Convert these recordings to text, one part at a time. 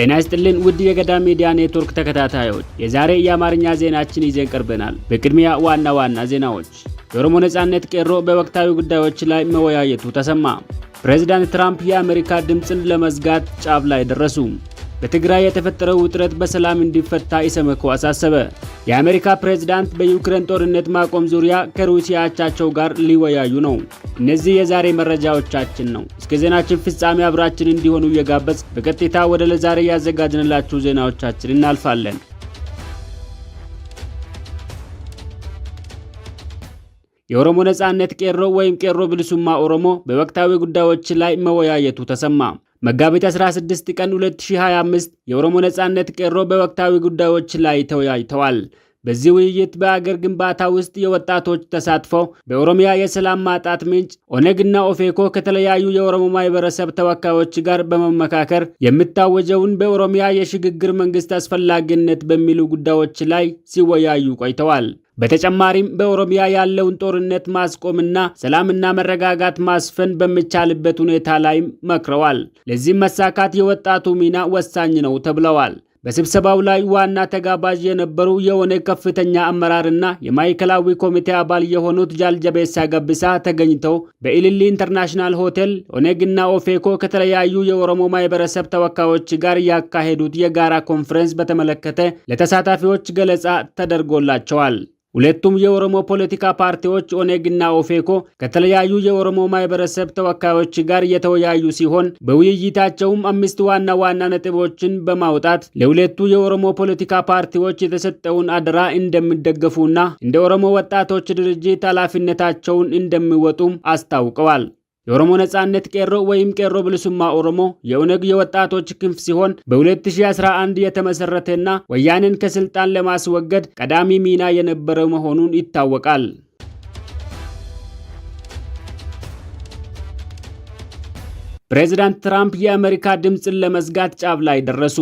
ጤና ይስጥልን ውድ የገዳ ሚዲያ ኔትወርክ ተከታታዮች፣ የዛሬ የአማርኛ ዜናችን ይዘን ቀርበናል። በቅድሚያ ዋና ዋና ዜናዎች። የኦሮሞ ነጻነት ቄሮ በወቅታዊ ጉዳዮች ላይ መወያየቱ ተሰማ። ፕሬዚዳንት ትራምፕ የአሜሪካ ድምፅን ለመዝጋት ጫፍ ላይ ደረሱ። በትግራይ የተፈጠረው ውጥረት በሰላም እንዲፈታ ኢሰመኮ አሳሰበ። የአሜሪካ ፕሬዝዳንት በዩክሬን ጦርነት ማቆም ዙሪያ ከሩሲያ አቻቸው ጋር ሊወያዩ ነው። እነዚህ የዛሬ መረጃዎቻችን ነው። እስከ ዜናችን ፍጻሜ አብራችን እንዲሆኑ እየጋበዝ በቀጥታ ወደ ለዛሬ ያዘጋጅንላችሁ ዜናዎቻችን እናልፋለን። የኦሮሞ ነጻነት ቄሮ ወይም ቄሮ ብልሱማ ኦሮሞ በወቅታዊ ጉዳዮች ላይ መወያየቱ ተሰማ። መጋቢት 16 ቀን 2025 የኦሮሞ ነጻነት ቄሮ በወቅታዊ ጉዳዮች ላይ ተወያይተዋል። በዚህ ውይይት በአገር ግንባታ ውስጥ የወጣቶች ተሳትፎ፣ በኦሮሚያ የሰላም ማጣት ምንጭ፣ ኦነግና ኦፌኮ ከተለያዩ የኦሮሞ ማህበረሰብ ተወካዮች ጋር በመመካከር የምታወጀውን በኦሮሚያ የሽግግር መንግስት አስፈላጊነት በሚሉ ጉዳዮች ላይ ሲወያዩ ቆይተዋል። በተጨማሪም በኦሮሚያ ያለውን ጦርነት ማስቆምና ሰላምና መረጋጋት ማስፈን በሚቻልበት ሁኔታ ላይም መክረዋል። ለዚህም መሳካት የወጣቱ ሚና ወሳኝ ነው ተብለዋል። በስብሰባው ላይ ዋና ተጋባዥ የነበሩ የኦነግ ከፍተኛ አመራርና የማዕከላዊ ኮሚቴ አባል የሆኑት ጃልጀቤሳ ገብሳ ተገኝተው በኢልሊ ኢንተርናሽናል ሆቴል ኦነግና ኦፌኮ ከተለያዩ የኦሮሞ ማህበረሰብ ተወካዮች ጋር ያካሄዱት የጋራ ኮንፈረንስ በተመለከተ ለተሳታፊዎች ገለጻ ተደርጎላቸዋል። ሁለቱም የኦሮሞ ፖለቲካ ፓርቲዎች ኦኔግና ኦፌኮ ከተለያዩ የኦሮሞ ማህበረሰብ ተወካዮች ጋር እየተወያዩ ሲሆን በውይይታቸውም አምስት ዋና ዋና ነጥቦችን በማውጣት ለሁለቱ የኦሮሞ ፖለቲካ ፓርቲዎች የተሰጠውን አደራ እንደሚደገፉና እንደ ኦሮሞ ወጣቶች ድርጅት ኃላፊነታቸውን እንደሚወጡም አስታውቀዋል። የኦሮሞ ነጻነት ቄሮ ወይም ቄሮ ብልሱማ ኦሮሞ የኦነግ የወጣቶች ክንፍ ሲሆን በ2011 የተመሰረተና ወያኔን ከስልጣን ለማስወገድ ቀዳሚ ሚና የነበረው መሆኑን ይታወቃል። ፕሬዚዳንት ትራምፕ የአሜሪካ ድምፅን ለመዝጋት ጫፍ ላይ ደረሱ።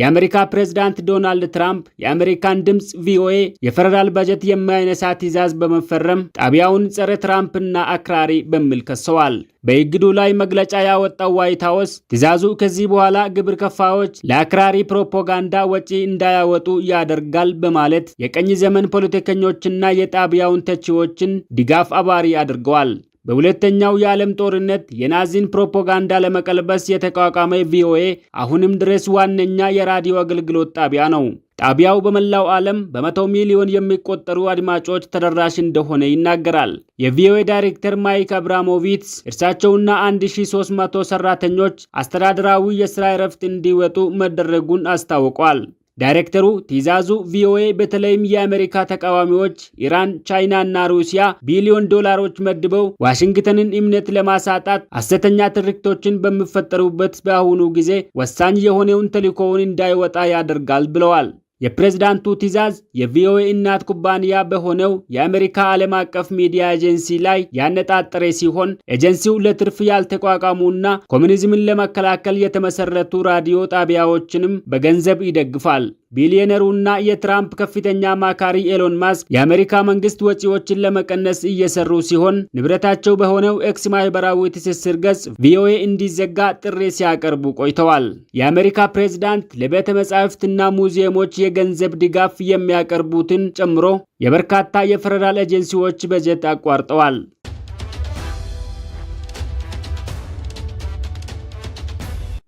የአሜሪካ ፕሬዝዳንት ዶናልድ ትራምፕ የአሜሪካን ድምፅ ቪኦኤ የፌደራል በጀት የማይነሳ ትዕዛዝ በመፈረም ጣቢያውን ጸረ ትራምፕና አክራሪ በሚል ከሰዋል። በእግዱ ላይ መግለጫ ያወጣው ዋይት ሀውስ ትዕዛዙ ከዚህ በኋላ ግብር ከፋዮች ለአክራሪ ፕሮፓጋንዳ ወጪ እንዳያወጡ ያደርጋል በማለት የቀኝ ዘመን ፖለቲከኞችና የጣቢያውን ተቺዎችን ድጋፍ አባሪ አድርገዋል። በሁለተኛው የዓለም ጦርነት የናዚን ፕሮፓጋንዳ ለመቀልበስ የተቋቋመ ቪኦኤ አሁንም ድረስ ዋነኛ የራዲዮ አገልግሎት ጣቢያ ነው። ጣቢያው በመላው ዓለም በመቶ ሚሊዮን የሚቆጠሩ አድማጮች ተደራሽ እንደሆነ ይናገራል። የቪኦኤ ዳይሬክተር ማይክ አብራሞቪትስ እርሳቸውና 1300 ሰራተኞች አስተዳደራዊ የሥራ እረፍት እንዲወጡ መደረጉን አስታውቋል። ዳይሬክተሩ ትዕዛዙ ቪኦኤ በተለይም የአሜሪካ ተቃዋሚዎች ኢራን፣ ቻይና እና ሩሲያ ቢሊዮን ዶላሮች መድበው ዋሽንግተንን እምነት ለማሳጣት ሐሰተኛ ትርክቶችን በሚፈጠሩበት በአሁኑ ጊዜ ወሳኝ የሆነውን ተልዕኮውን እንዳይወጣ ያደርጋል ብለዋል። የፕሬዝዳንቱ ትዕዛዝ የቪኦኤ እናት ኩባንያ በሆነው የአሜሪካ ዓለም አቀፍ ሚዲያ ኤጀንሲ ላይ ያነጣጠረ ሲሆን ኤጀንሲው ለትርፍ ያልተቋቋሙና ኮሚኒዝምን ለመከላከል የተመሰረቱ ራዲዮ ጣቢያዎችንም በገንዘብ ይደግፋል። ቢሊዮነሩና የትራምፕ ከፍተኛ አማካሪ ኤሎን ማስክ የአሜሪካ መንግስት ወጪዎችን ለመቀነስ እየሰሩ ሲሆን ንብረታቸው በሆነው ኤክስ ማህበራዊ ትስስር ገጽ ቪኦኤ እንዲዘጋ ጥሪ ሲያቀርቡ ቆይተዋል። የአሜሪካ ፕሬዝዳንት ለቤተ መጻሕፍትና ሙዚየሞች የገንዘብ ድጋፍ የሚያቀርቡትን ጨምሮ የበርካታ የፌደራል ኤጀንሲዎች በጀት አቋርጠዋል።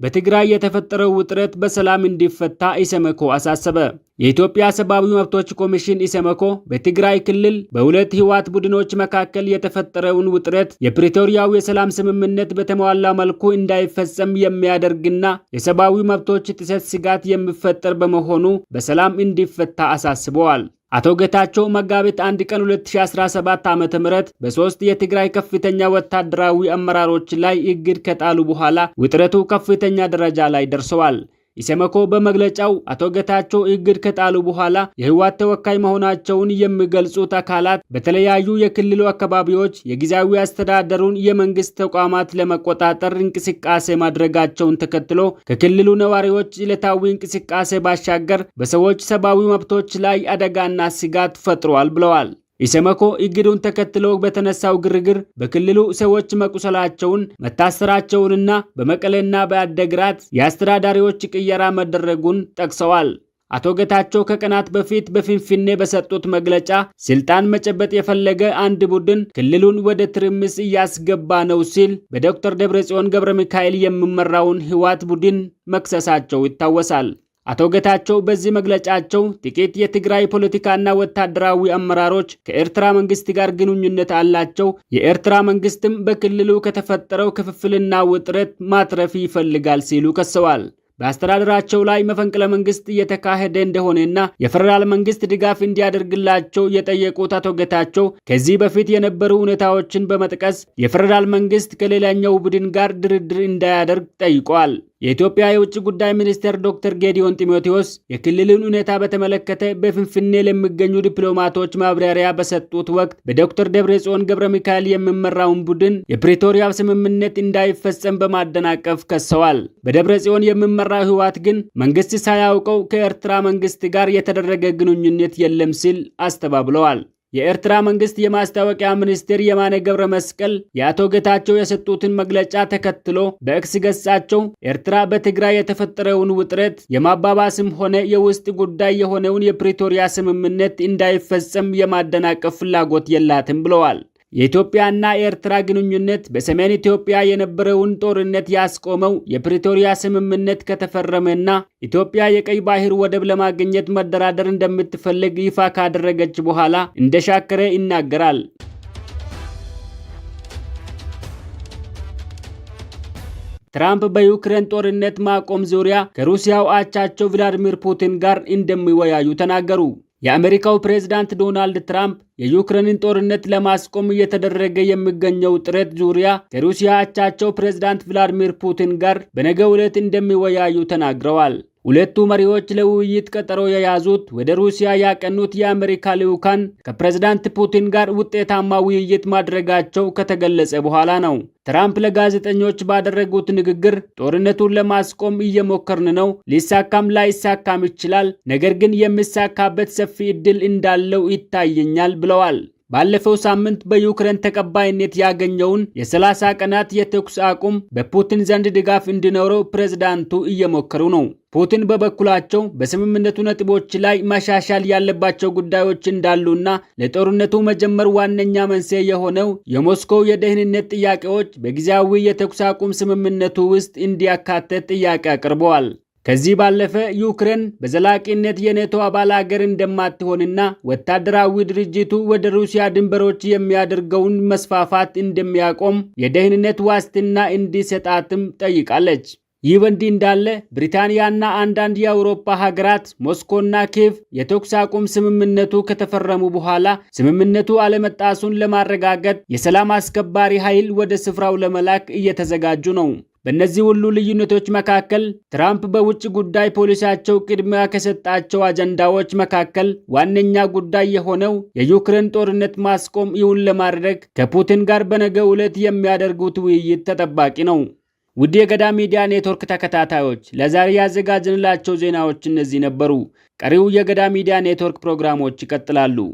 በትግራይ የተፈጠረው ውጥረት በሰላም እንዲፈታ ኢሰመኮ አሳሰበ። የኢትዮጵያ ሰብአዊ መብቶች ኮሚሽን ኢሰመኮ በትግራይ ክልል በሁለት ህወሓት ቡድኖች መካከል የተፈጠረውን ውጥረት የፕሪቶሪያው የሰላም ስምምነት በተሟላ መልኩ እንዳይፈጸም የሚያደርግና የሰብአዊ መብቶች ጥሰት ስጋት የሚፈጠር በመሆኑ በሰላም እንዲፈታ አሳስበዋል። አቶ ጌታቸው መጋቢት አንድ ቀን 2017 ዓ.ም በሶስት የትግራይ ከፍተኛ ወታደራዊ አመራሮች ላይ እግድ ከጣሉ በኋላ ውጥረቱ ከፍተኛ ደረጃ ላይ ደርሰዋል። ኢሰመኮ በመግለጫው አቶ ጌታቸው እግድ ከጣሉ በኋላ የህወሓት ተወካይ መሆናቸውን የሚገልጹት አካላት በተለያዩ የክልሉ አካባቢዎች የጊዜያዊ አስተዳደሩን የመንግስት ተቋማት ለመቆጣጠር እንቅስቃሴ ማድረጋቸውን ተከትሎ ከክልሉ ነዋሪዎች ዕለታዊ እንቅስቃሴ ባሻገር በሰዎች ሰብአዊ መብቶች ላይ አደጋና ስጋት ፈጥሯል ብለዋል። ኢሰመኮ እግዱን ተከትሎ በተነሳው ግርግር በክልሉ ሰዎች መቁሰላቸውን መታሰራቸውንና በመቀሌና በአደግራት የአስተዳዳሪዎች ቅየራ መደረጉን ጠቅሰዋል። አቶ ገታቸው ከቀናት በፊት በፊንፊኔ በሰጡት መግለጫ ስልጣን መጨበጥ የፈለገ አንድ ቡድን ክልሉን ወደ ትርምስ እያስገባ ነው ሲል በዶክተር ደብረጽዮን ገብረ ሚካኤል የሚመራውን ህዋት ቡድን መክሰሳቸው ይታወሳል። አቶ ጌታቸው በዚህ መግለጫቸው ጥቂት የትግራይ ፖለቲካና ወታደራዊ አመራሮች ከኤርትራ መንግስት ጋር ግንኙነት አላቸው፣ የኤርትራ መንግስትም በክልሉ ከተፈጠረው ክፍፍልና ውጥረት ማትረፍ ይፈልጋል ሲሉ ከሰዋል። በአስተዳደራቸው ላይ መፈንቅለ መንግስት እየተካሄደ እንደሆነና የፌደራል መንግስት ድጋፍ እንዲያደርግላቸው የጠየቁት አቶ ጌታቸው ከዚህ በፊት የነበሩ ሁኔታዎችን በመጥቀስ የፌደራል መንግስት ከሌላኛው ቡድን ጋር ድርድር እንዳያደርግ ጠይቋል። የኢትዮጵያ የውጭ ጉዳይ ሚኒስቴር ዶክተር ጌዲዮን ጢሞቴዎስ የክልልን ሁኔታ በተመለከተ በፍንፍኔ ለሚገኙ ዲፕሎማቶች ማብራሪያ በሰጡት ወቅት በዶክተር ደብረ ጽዮን ገብረ ሚካኤል የሚመራውን ቡድን የፕሪቶሪያ ስምምነት እንዳይፈጸም በማደናቀፍ ከሰዋል። ጽዮን የሚመራው ህወሓት ግን መንግስት ሳያውቀው ከኤርትራ መንግስት ጋር የተደረገ ግንኙነት የለም ሲል አስተባብለዋል። የኤርትራ መንግስት የማስታወቂያ ሚኒስትር የማነ ገብረ መስቀል የአቶ ጌታቸው የሰጡትን መግለጫ ተከትሎ በኤክስ ገጻቸው ኤርትራ በትግራይ የተፈጠረውን ውጥረት የማባባስም ሆነ የውስጥ ጉዳይ የሆነውን የፕሪቶሪያ ስምምነት እንዳይፈጸም የማደናቀፍ ፍላጎት የላትም ብለዋል። የኢትዮጵያና የኤርትራ ግንኙነት በሰሜን ኢትዮጵያ የነበረውን ጦርነት ያስቆመው የፕሪቶሪያ ስምምነት ከተፈረመና ኢትዮጵያ የቀይ ባህር ወደብ ለማግኘት መደራደር እንደምትፈልግ ይፋ ካደረገች በኋላ እንደሻከረ ይናገራል። ትራምፕ በዩክሬን ጦርነት ማቆም ዙሪያ ከሩሲያው አቻቸው ቭላዲሚር ፑቲን ጋር እንደሚወያዩ ተናገሩ። የአሜሪካው ፕሬዝዳንት ዶናልድ ትራምፕ የዩክሬንን ጦርነት ለማስቆም እየተደረገ የሚገኘው ጥረት ዙሪያ ከሩሲያ አቻቸው ፕሬዝዳንት ቭላድሚር ፑቲን ጋር በነገ ዕለት እንደሚወያዩ ተናግረዋል። ሁለቱ መሪዎች ለውይይት ቀጠሮ የያዙት ወደ ሩሲያ ያቀኑት የአሜሪካ ልዑካን ከፕሬዝዳንት ፑቲን ጋር ውጤታማ ውይይት ማድረጋቸው ከተገለጸ በኋላ ነው። ትራምፕ ለጋዜጠኞች ባደረጉት ንግግር ጦርነቱን ለማስቆም እየሞከርን ነው፣ ሊሳካም ላይሳካም ይችላል፣ ነገር ግን የሚሳካበት ሰፊ ዕድል እንዳለው ይታየኛል ብለዋል። ባለፈው ሳምንት በዩክሬን ተቀባይነት ያገኘውን የ30 ቀናት የተኩስ አቁም በፑቲን ዘንድ ድጋፍ እንዲኖረው ፕሬዝዳንቱ እየሞከሩ ነው። ፑቲን በበኩላቸው በስምምነቱ ነጥቦች ላይ መሻሻል ያለባቸው ጉዳዮች እንዳሉና ለጦርነቱ መጀመር ዋነኛ መንስኤ የሆነው የሞስኮው የደህንነት ጥያቄዎች በጊዜያዊ የተኩስ አቁም ስምምነቱ ውስጥ እንዲያካተት ጥያቄ አቅርበዋል። ከዚህ ባለፈ ዩክሬን በዘላቂነት የኔቶ አባል አገር እንደማትሆንና ወታደራዊ ድርጅቱ ወደ ሩሲያ ድንበሮች የሚያደርገውን መስፋፋት እንደሚያቆም የደህንነት ዋስትና እንዲሰጣትም ጠይቃለች። ይህ በእንዲህ እንዳለ ብሪታንያና አንዳንድ የአውሮፓ ሀገራት ሞስኮና ኬቭ የተኩስ አቁም ስምምነቱ ከተፈረሙ በኋላ ስምምነቱ አለመጣሱን ለማረጋገጥ የሰላም አስከባሪ ኃይል ወደ ስፍራው ለመላክ እየተዘጋጁ ነው። በእነዚህ ሁሉ ልዩነቶች መካከል ትራምፕ በውጭ ጉዳይ ፖሊሲያቸው ቅድሚያ ከሰጣቸው አጀንዳዎች መካከል ዋነኛ ጉዳይ የሆነው የዩክሬን ጦርነት ማስቆም ይሁን ለማድረግ ከፑቲን ጋር በነገ ዕለት የሚያደርጉት ውይይት ተጠባቂ ነው። ውድ የገዳ ሚዲያ ኔትወርክ ተከታታዮች ለዛሬ ያዘጋጀንላቸው ዜናዎች እነዚህ ነበሩ። ቀሪው የገዳ ሚዲያ ኔትወርክ ፕሮግራሞች ይቀጥላሉ።